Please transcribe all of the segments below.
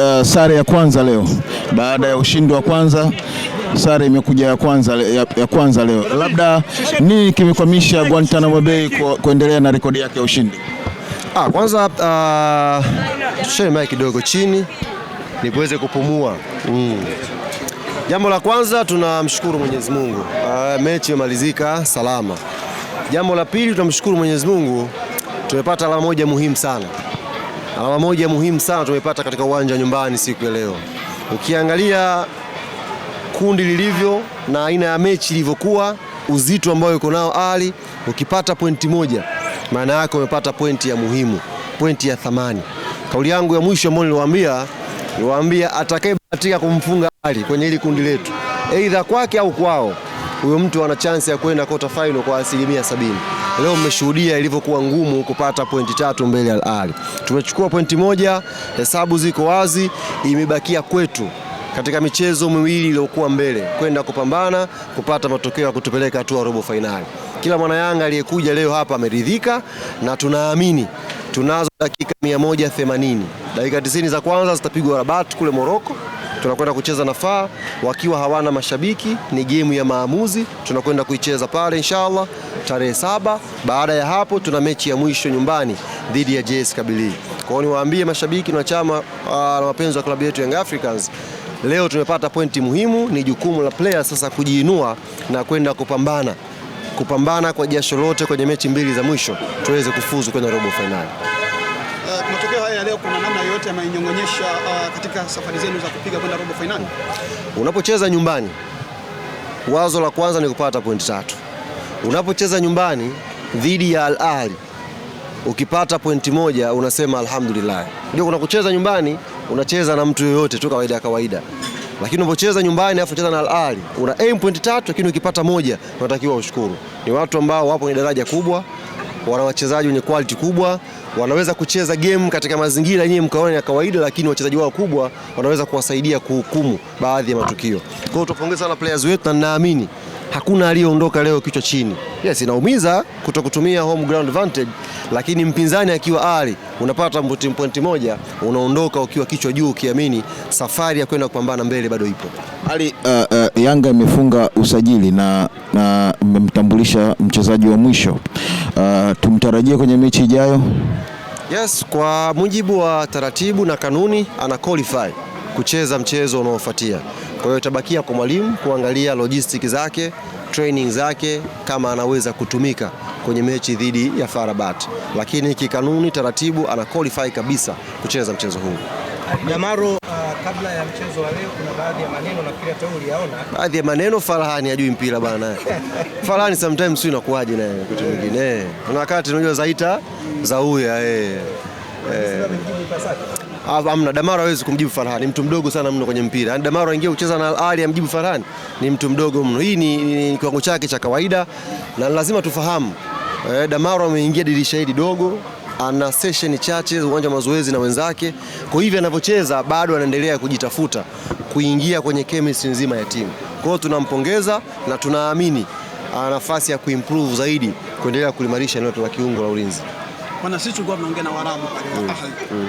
uh, sare ya kwanza leo baada ya ushindi wa kwanza sare imekuja ya kwanza, ya, ya kwanza leo. Labda nini kimekwamisha Guantanamo Bay kuendelea na rekodi yake ya ushindi? Ah, kwanza uh, ah, mai kidogo chini niweze kupumua mm. Jambo la kwanza tunamshukuru Mwenyezi Mungu uh, mechi imemalizika salama. Jambo la pili tunamshukuru Mwenyezi Mungu tumepata alama moja muhimu sana alama moja muhimu sana tumepata katika uwanja wa nyumbani siku ya leo. Ukiangalia kundi lilivyo na aina ya mechi ilivyokuwa, uzito ambao yuko nao Ali, ukipata pointi moja, maana yake umepata pointi ya muhimu, pointi ya thamani. Kauli yangu ya mwisho ambayo niliwaambia, niliwaambia atakayebahatika kumfunga Ali kwenye hili kundi letu, aidha kwake au kwao, huyo mtu ana chance ya kwenda kota final kwa asilimia sabini leo mmeshuhudia ilivyokuwa ngumu kupata pointi tatu mbele ya Al Ahly. Tumechukua pointi moja, hesabu ziko wazi, imebakia kwetu katika michezo miwili iliyokuwa mbele kwenda kupambana kupata matokeo ya kutupeleka hatua robo fainali. Kila mwana Yanga aliyekuja leo hapa ameridhika na tunaamini tunazo dakika 180. Dakika 90 za kwanza zitapigwa Rabat kule Moroko tunakwenda kucheza na Far wakiwa hawana mashabiki, ni gemu ya maamuzi, tunakwenda kuicheza pale inshallah tarehe saba. Baada ya hapo, tuna mechi ya mwisho nyumbani dhidi ya JS Kabylie. Kwa hiyo niwaambie mashabiki na chama ah, na wapenzi wa klabu yetu Young Africans, leo tumepata pointi muhimu. Ni jukumu la player sasa kujiinua na kwenda kupambana kupambana kwa jasho lote kwenye mechi mbili za mwisho tuweze kufuzu kwenye robo fainali leo kuna namna yoyote ameinyong'onyesha uh, katika safari zenu za kupiga kwenda robo fainali? Unapocheza nyumbani, wazo la kwanza ni kupata pointi tatu. Unapocheza nyumbani dhidi ya Al Ahli ukipata pointi moja unasema alhamdulillah. Ndio kuna kucheza nyumbani, unacheza na mtu yoyote tu kawaida ya kawaida, lakini unapocheza nyumbani afu unacheza na Al Ahli una aim point tatu, lakini ukipata moja unatakiwa ushukuru. Ni watu ambao wapo kwenye daraja kubwa, wana wachezaji wenye quality kubwa wanaweza kucheza game katika mazingira yenyewe mkaona ya kawaida, lakini wachezaji wao kubwa wanaweza kuwasaidia kuhukumu baadhi ya matukio. Kwa hiyo tupongeze sana players wetu na ninaamini hakuna aliyeondoka leo kichwa chini. Yes, inaumiza kuto kutumia home ground advantage, lakini mpinzani akiwa ali unapata pointi moja, unaondoka ukiwa kichwa juu, ukiamini safari ya kwenda kupambana mbele bado ipo. Ali, uh, uh, Yanga imefunga usajili na na mmemtambulisha mchezaji wa mwisho uh, tumtarajie kwenye mechi ijayo. Yes, kwa mujibu wa taratibu na kanuni ana qualify kucheza mchezo unaofuatia. Kwa hiyo itabakia kwa mwalimu kuangalia logistics zake, training zake kama anaweza kutumika kwenye mechi dhidi ya FAR Rabat, lakini kikanuni, taratibu ana qualify kabisa kucheza mchezo huu. Jamaro, uh, kabla ya mchezo wa leo kuna baadhi ya maneno nafikiri hata uliyaona. Baadhi ya maneno Farhani ajui mpira bana. Farhani sometimes sio inakuaje naye kitu eh. kingine. Kuna wakati unajua zaita za huyu eh. Eh amna Damaro hawezi kumjibu Farhan, ni mtu mdogo sana mno kwenye mpira. Yani Damaro aingia kucheza na Al Ahly amjibu Farhan, ni mtu mdogo mno. Hii ni, ni ni kiwango chake cha kawaida na lazima tufahamu eh, Damaro ameingia dirisha hili dogo ana session chache uwanja wa mazoezi na wenzake. Kwa hivyo anavyocheza bado anaendelea kujitafuta kuingia kwenye chemistry nzima ya timu. Kwa hiyo tunampongeza na tunaamini ana nafasi ya kuimprove zaidi kuendelea kulimarisha eneo la kiungo la ulinzi. Maana sisi tulikuwa tunaongea na Waarabu pale mm. Ahli mm.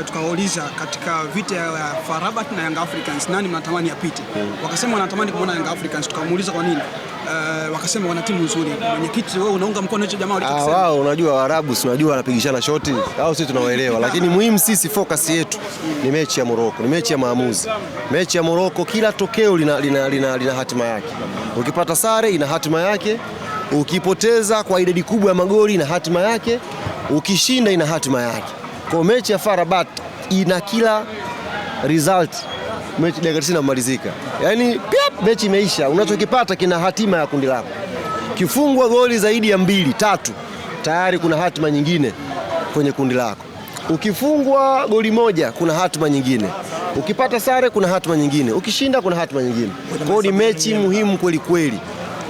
Uh, tukawauliza katika vita ya Farabat na Young Africans nani mnatamani apite? mm. Wakasema wanatamani kuona Young Africans. Tukamuuliza kwa nini? Uh, wakasema wana timu nzuri. Mwenyekiti, wewe unaunga mkono hicho jamaa walichosema? Ah, wao unajua Waarabu si unajua wanapigishana shoti au sisi tunawaelewa, lakini muhimu sisi focus yetu ni mechi ya Morocco, ni mechi ya maamuzi. Mechi ya Morocco kila tokeo lina, lina, lina, lina hatima yake. Ukipata sare ina hatima yake, ukipoteza kwa idadi kubwa ya magoli ina hatima yake ukishinda ina hatima yake. Kwa mechi ya FAR Rabat ina kila result mechi dakika 90 inamalizika, yaani piap, mechi imeisha. Unachokipata kina hatima ya kundi lako. Kifungwa goli zaidi ya mbili tatu, tayari kuna hatima nyingine kwenye kundi lako. Ukifungwa goli moja, kuna hatima nyingine. Ukipata sare, kuna hatima nyingine. Ukishinda, kuna hatima nyingine. Kwa hiyo ni mechi muhimu kweli kweli.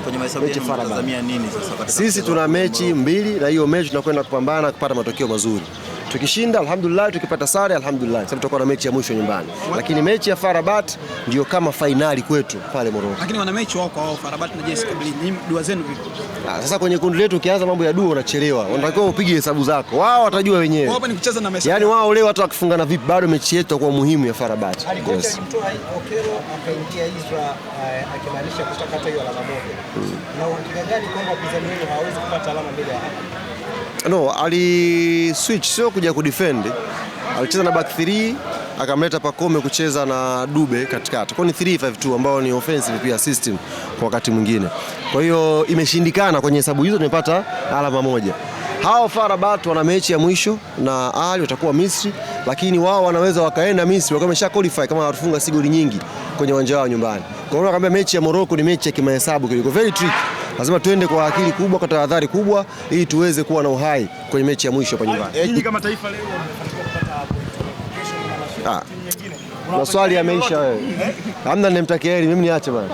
Kwenye mahesabu mechi Faraba. Nini sasa? Sisi tuna mechi mbili na hiyo mechi tunakwenda kupambana kupata matokeo mazuri. Tukishinda alhamdulillah, tukipata sare alhamdulillah, sababu tutakuwa na mechi ya mwisho nyumbani, lakini mechi ya Farabat ndio kama fainali kwetu pale Morocco. Lakini wana mechi wao kwa wao Farabat na JS Kabylie, dua zenu vipi? Ah, sasa kwenye kundi letu ukianza mambo ya dua unachelewa, unatakiwa upige hesabu zako, wao watajua wenyewe. Wao hapa ni kucheza na Messi, yani wao leo hata wakifungana vipi, bado mechi yetu itakuwa muhimu ya Farabat. Yes. Eh, akimaanisha kutaka hata hiyo alama moja. Mm. Na uhakika gani kwamba mpinzani wenu hawezi kupata alama mbele ya hapa? no, ali switch sio kuja kudefend, alicheza na back 3 akamleta Pakome kucheza na Dube katikati. Kwa ni 352 ambao ni offensive pia system kwa wakati mwingine. Kwa hiyo imeshindikana kwenye hesabu hizo, tumepata alama moja. Hao FAR Rabat wana mechi ya mwisho na Ali watakuwa Misri, lakini wao wanaweza wakaenda Misri wakiwa wamesha qualify kama watafunga si goli nyingi kwenye uwanja wao nyumbani. Kwa hiyo akamwambia mechi ya Morocco ni mechi ya kimahesabu kidogo, very tricky lazima tuende kwa akili kubwa, kwa tahadhari kubwa, ili tuweze kuwa na uhai kwenye mechi ya mwisho hapa nyumbani. Nyinyi kama taifa leo ah. Maswali yameisha wewe. Hamna nimtakia heri, mimi niache bana.